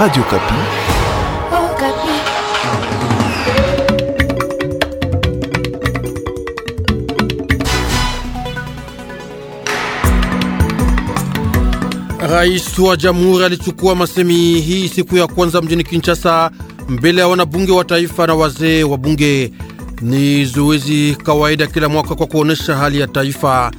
Radio Kapi. Oh, Kapi. Rais wa Jamhuri alichukua masemi hii siku ya kwanza mjini Kinshasa mbele ya wanabunge wa taifa na wazee wa bunge. Ni zoezi kawaida kila mwaka kwa kuonesha hali ya taifa.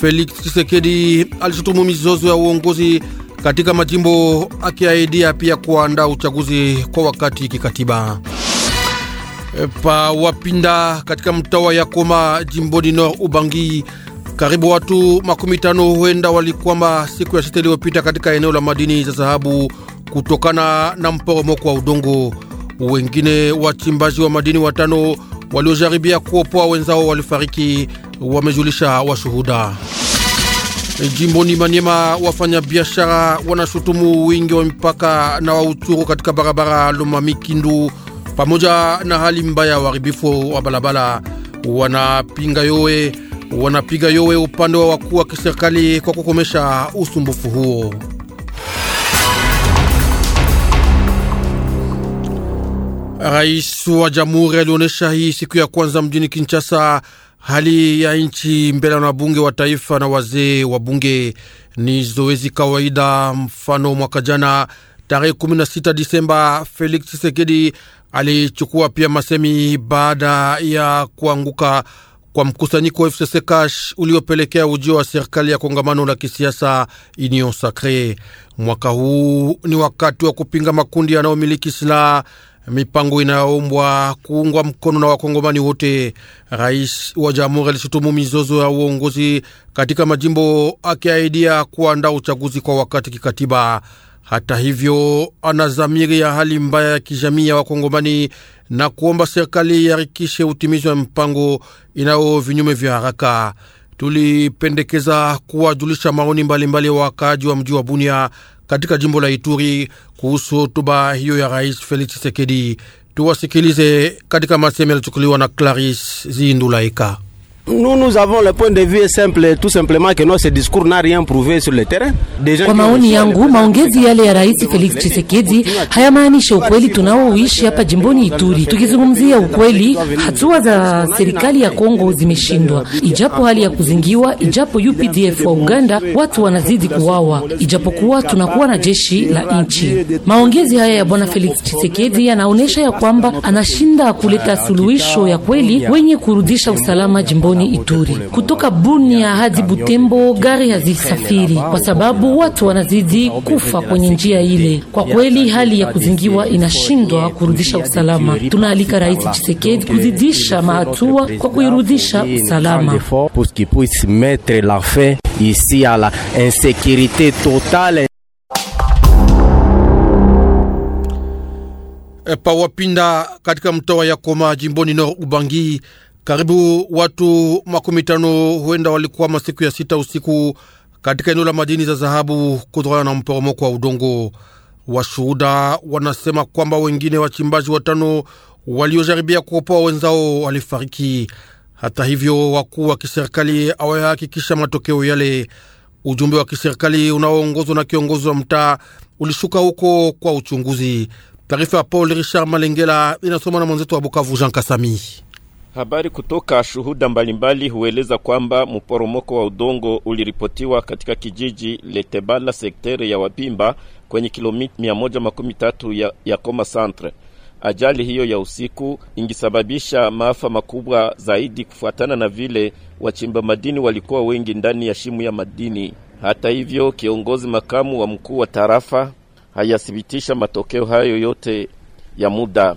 Felix Tshisekedi alishutumu mizozo ya uongozi katika majimbo, akiahidia pia kuandaa uchaguzi kwa wakati kikatiba. Pa Wapinda katika mtawa ya Koma jimboni Nord Ubangi, karibu watu makumi tano huenda walikwama siku ya sita iliyopita katika eneo la madini za dhahabu kutokana na mporomoko wa udongo. Wengine wachimbaji wa madini watano waliojaribia kuopoa wenzao walifariki, wamejulisha washuhuda. E, jimboni Maniema, biashara wanashutumu wingi wa mipaka na wa uchuru katika barabara Lomami Kindu, pamoja na hali mbaya ya uharibifu wa barabara. Wanapinga yowe wanapiga yowe upande wa wakuu wa kiserikali kwa kukomesha usumbufu huo. Rais wa jamhuri alionyesha hii siku ya kwanza mjini Kinshasa Hali ya nchi mbele na wabunge wa taifa na wazee wa bunge ni zoezi kawaida. Mfano, mwaka jana tarehe 16 Disemba, Felix Tshisekedi alichukua pia masemi baada ya kuanguka kwa mkusanyiko FCC Cash uliopelekea ujio wa serikali ya kongamano la kisiasa Union Sacre. Mwaka huu ni wakati wa kupinga makundi yanayomiliki silaha, mipango inayoombwa kuungwa mkono na wakongomani wote. Rais wa jamhuri alishutumu mizozo ya uongozi katika majimbo, akiahidia kuandaa uchaguzi kwa wakati kikatiba. Hata hivyo, ana ya hali mbaya ya kijamii ya Wakongomani na kuomba serikali iharikishe utimizi wa mpango inayo vinyume vya haraka. Tulipendekeza kuwajulisha maoni mbalimbali ya wakaaji wa mji wa Bunia katika jimbo la Ituri kuhusu hotuba hiyo ya Rais Felix Chisekedi. Tuwasikilize katika maseme yalichukuliwa na Claris Zindulaika. Nous, nous avons le point de vue simple, tout simplement que notre discours n'a rien prouvé sur le terrain. Kwa maoni yangu, maongezi yale ya Rais Felix Tshisekedi hayamaanisha ukweli tunaoishi hapa jimboni Ituri. Tukizungumzia ukweli, hatua za serikali ya Kongo zimeshindwa, ijapo hali ya kuzingiwa, ijapo UPDF wa Uganda watu wanazidi kuwawa, ijapokuwa tunakuwa na jeshi la nchi. Maongezi haya ya Bwana Felix Tshisekedi yanaonyesha ya kwamba anashinda kuleta suluhisho ya kweli wenye kurudisha usalama jimboni mkoani Ituri. Kutoka Bunia hadi Butembo gari hazisafiri kwa sababu watu wanazidi kufa kwenye njia ile. Kwa kweli, hali ya kuzingiwa inashindwa kurudisha usalama. Tunaalika Rais Tshisekedi kuzidisha mahatua kwa kuirudisha usalama. E, pawapinda katika mtoa ya Koma jimboni Nord Ubangi karibu watu makumi tano huenda walikuwa masiku ya sita usiku katika eneo la madini za dhahabu kutokana na mporomoko wa udongo. Washuhuda wanasema kwamba wengine wachimbaji watano waliojaribia kuopoa wenzao walifariki. Hata hivyo, wakuu wa kiserikali hawayahakikisha matokeo yale. Ujumbe wa kiserikali unaoongozwa na kiongozi wa mtaa ulishuka huko kwa uchunguzi. Taarifa ya Paul Richard Malengela inasoma na mwenzetu wa Bukavu, Jean Kasami. Habari kutoka shuhuda mbalimbali hueleza kwamba mporomoko wa udongo uliripotiwa katika kijiji Letebala sektere ya Wapimba kwenye kilomita 113 ya, ya Koma Centre. Ajali hiyo ya usiku ingisababisha maafa makubwa zaidi kufuatana na vile wachimba madini walikuwa wengi ndani ya shimu ya madini. Hata hivyo, kiongozi makamu wa mkuu wa tarafa hayathibitisha matokeo hayo yote ya muda.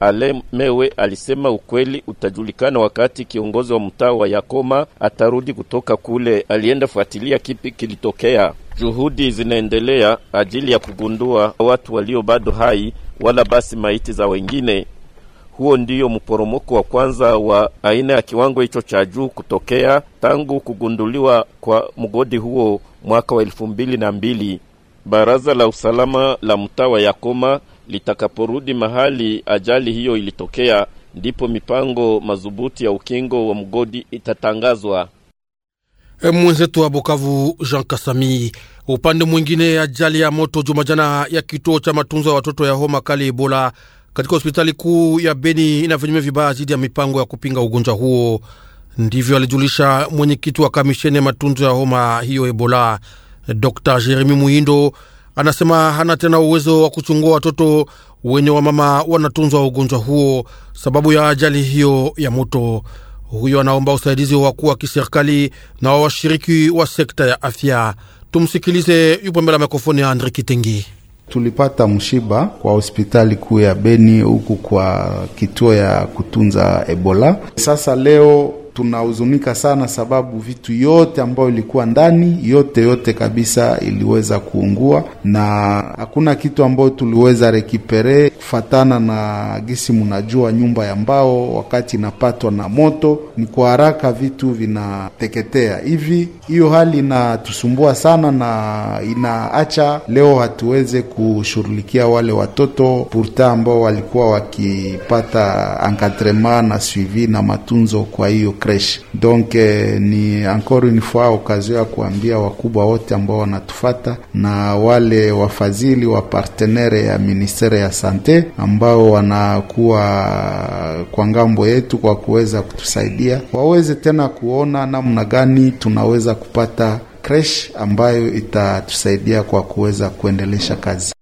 Ale Mewe alisema ukweli utajulikana wakati kiongozi wa mtaa wa Yakoma atarudi kutoka kule. Alienda fuatilia kipi kilitokea. Juhudi zinaendelea ajili ya kugundua watu walio bado hai wala basi maiti za wengine. Huo ndiyo mporomoko wa kwanza wa aina ya kiwango hicho cha juu kutokea tangu kugunduliwa kwa mgodi huo mwaka wa elfu mbili na mbili. Baraza la usalama la mtaa wa Yakoma litakaporudi mahali ajali hiyo ilitokea, ndipo mipango madhubuti ya ukingo wa mgodi itatangazwa. E, mwenzetu wa Bukavu, Jean Kasami. Upande mwingine, ajali ya moto jumajana ya kituo cha matunzo ya watoto ya homa kali Ebola katika hospitali kuu ya Beni inavyonyume vibaya zidi ya mipango ya kupinga ugonjwa huo. Ndivyo alijulisha mwenyekiti wa kamisheni ya matunzo ya homa hiyo Ebola, Dr Jeremi Muhindo anasema hana tena uwezo wa kuchungua watoto wenye wamama wanatunzwa ugonjwa huo sababu ya ajali hiyo ya moto. Huyo anaomba usaidizi wa wakuu wa kiserikali na washiriki wa sekta ya afya. Tumsikilize, yupo mbele ya mikrofoni ya Andre Kitengi. Tulipata mshiba kwa hospitali kuu ya Beni huku kwa kituo ya kutunza Ebola. Sasa leo tunahuzunika sana, sababu vitu yote ambayo ilikuwa ndani yote yote kabisa iliweza kuungua, na hakuna kitu ambayo tuliweza rekipere kufatana na gisi. Mnajua nyumba ya mbao wakati inapatwa na moto ni kwa haraka vitu vinateketea hivi. Hiyo hali inatusumbua sana na inaacha leo hatuweze kushughulikia wale watoto purta ambao walikuwa wakipata encadrement na suivi na matunzo, kwa hiyo creche. Donc eh, ni encore une fois okazio ya kuambia wakubwa wote ambao wanatufata na wale wafadhili wa partenere ya ministere ya sante ambao wanakuwa kwa ngambo yetu kwa kuweza kutusaidia, waweze tena kuona namna gani tunaweza kupata creche ambayo itatusaidia kwa kuweza kuendelesha kazi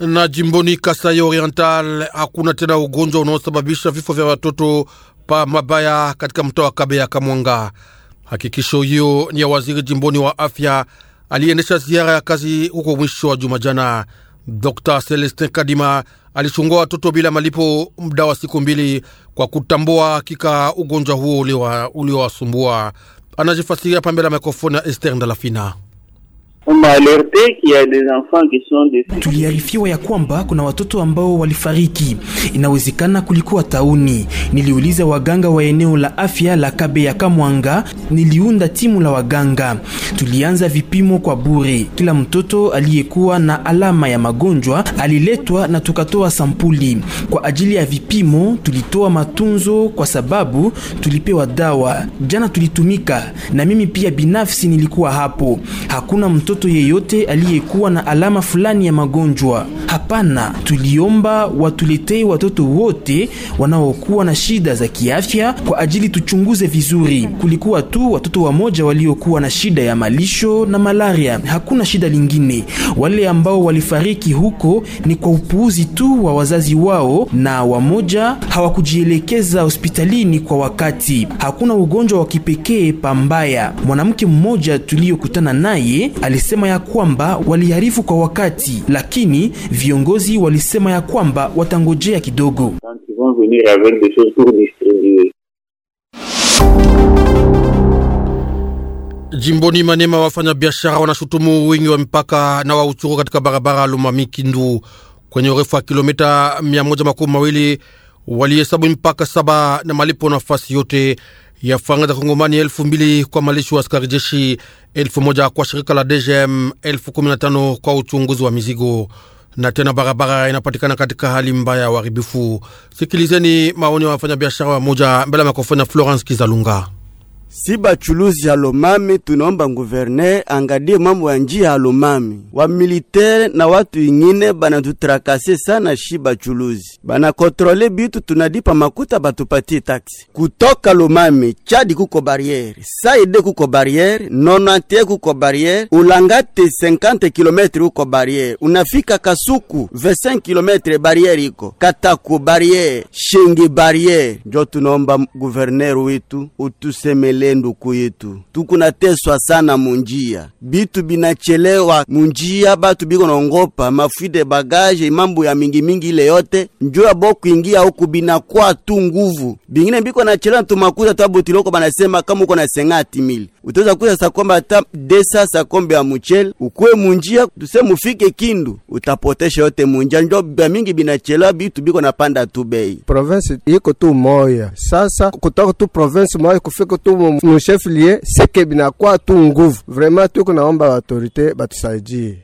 na jimboni Kasai Oriental hakuna tena ugonjwa unaosababisha vifo vya watoto pa Mabaya katika mtaa wa Kabeya Kamwanga. Hakikisho hiyo ni ya waziri jimboni wa afya aliendesha ziara ya kazi huko mwisho wa juma jana. Dr Celestin Kadima alichungua watoto bila malipo muda wa siku mbili kwa kutambua hakika ugonjwa huo uliowasumbua. Anajifasiria pambele ya mikrofoni ya Ester Ndalafina. Tuliarifiwa ya kwamba kuna watoto ambao walifariki, inawezekana kulikuwa tauni. Niliuliza waganga wa eneo la afya la Kabe ya Kamwanga, niliunda timu la waganga. Tulianza vipimo kwa bure, kila mtoto aliyekuwa na alama ya magonjwa aliletwa na tukatoa sampuli kwa ajili ya vipimo. Tulitoa matunzo kwa sababu tulipewa dawa. Jana tulitumika na mimi pia binafsi nilikuwa hapo, hakuna mtoto mtoto yeyote aliyekuwa na alama fulani ya magonjwa. Hapana, tuliomba watuletee watoto wote wanaokuwa na shida za kiafya kwa ajili tuchunguze vizuri. Kulikuwa tu watoto wamoja waliokuwa na shida ya malisho na malaria, hakuna shida lingine. Wale ambao walifariki huko ni kwa upuuzi tu wa wazazi wao, na wamoja hawakujielekeza hospitalini kwa wakati. Hakuna ugonjwa wa kipekee pambaya. Mwanamke mmoja tuliyokutana naye ali walisema ya kwamba waliharifu kwa wakati, lakini viongozi walisema ya kwamba watangojea kidogo. Jimboni Manema, wafanya biashara wanashutumu wingi wa mipaka na wa uchuru katika barabara Lumami Kindu kwenye urefu wa kilomita mia moja makumi mawili walihesabu mipaka saba na malipo nafasi yote ya faranga za kongomani elfu mbili kwa malisho wa askari jeshi, elfu moja kwa shirika la DGM, elfu kumi na tano kwa uchunguzi wa mizigo na tena barabara inapatikana katika hali mbaya ya uharibifu. Sikilizeni maoni ya wafanyabiashara wa moja mbele ya makofoni ya Florence Kizalunga si bachuluzi ya Lomami, tunaomba guverner angadie mambo ya njia ya Lomami. Wamilitere na watu ingine banatutrakase sana, shi bachuluzi banakontrole bitu, tunadipa makuta batupatie taksi kutoka Lomami. Chadi kuko bariere, Saide kuko bariere, Nonante kuko bariere, Ulangate 50 kilometre kuko bariere, unafika Kasuku 25 kilometre bariere iko Kataku bariere, Shingi bariere. Njo tunaomba guverner witu utusemele tuendelee nduku yetu, tukunateswa sana munjia, bitu binachelewa munjia, batu biko nongopa mafuite bagaje, mambo ya mingi mingi ile yote njua bo kuingia huku binakuwa tu nguvu. Bingine biko nachelewa tumakuta twabutiloko, banasema kama uko na sengati mili utaweza kuya sakombe hata desa sakombe ya muchele ukwe munjia, tuse mufike kindu utapotesha yote munjia, njua bya mingi binachelewa, bitu biko napanda tu bei. Province iko tu moya sasa, kutoka tu province moya kufika tu humo musheflie seke binakuwa tu nguvu. Vraiment tuko naomba autorite batusaidie.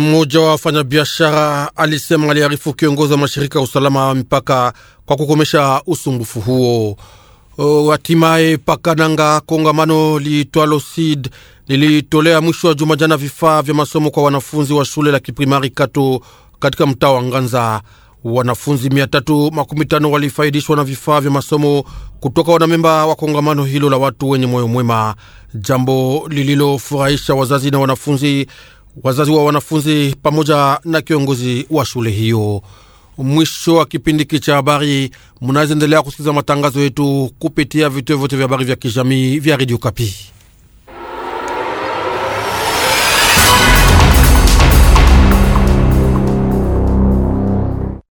Mmoja wa wafanyabiashara alisema aliarifu kiongozi wa mashirika ya usalama wa mipaka kwa kukomesha usumbufu huo. Hatimaye pakananga kongamano liitwalo SID lilitolea mwisho wa juma jana vifaa vya masomo kwa wanafunzi wa shule la kiprimari Kato katika mtaa wa Nganza. Wanafunzi 315 walifaidishwa na vifaa vya masomo kutoka wanamemba wa kongamano hilo la watu wenye moyo mwema, jambo lililofurahisha wazazi na wanafunzi, wazazi wa wanafunzi pamoja na kiongozi wa shule hiyo. Mwisho wa kipindi hiki cha habari, endelea kusikiliza matangazo yetu kupitia vituo vyote vya habari vya kijamii vya redio Kapi.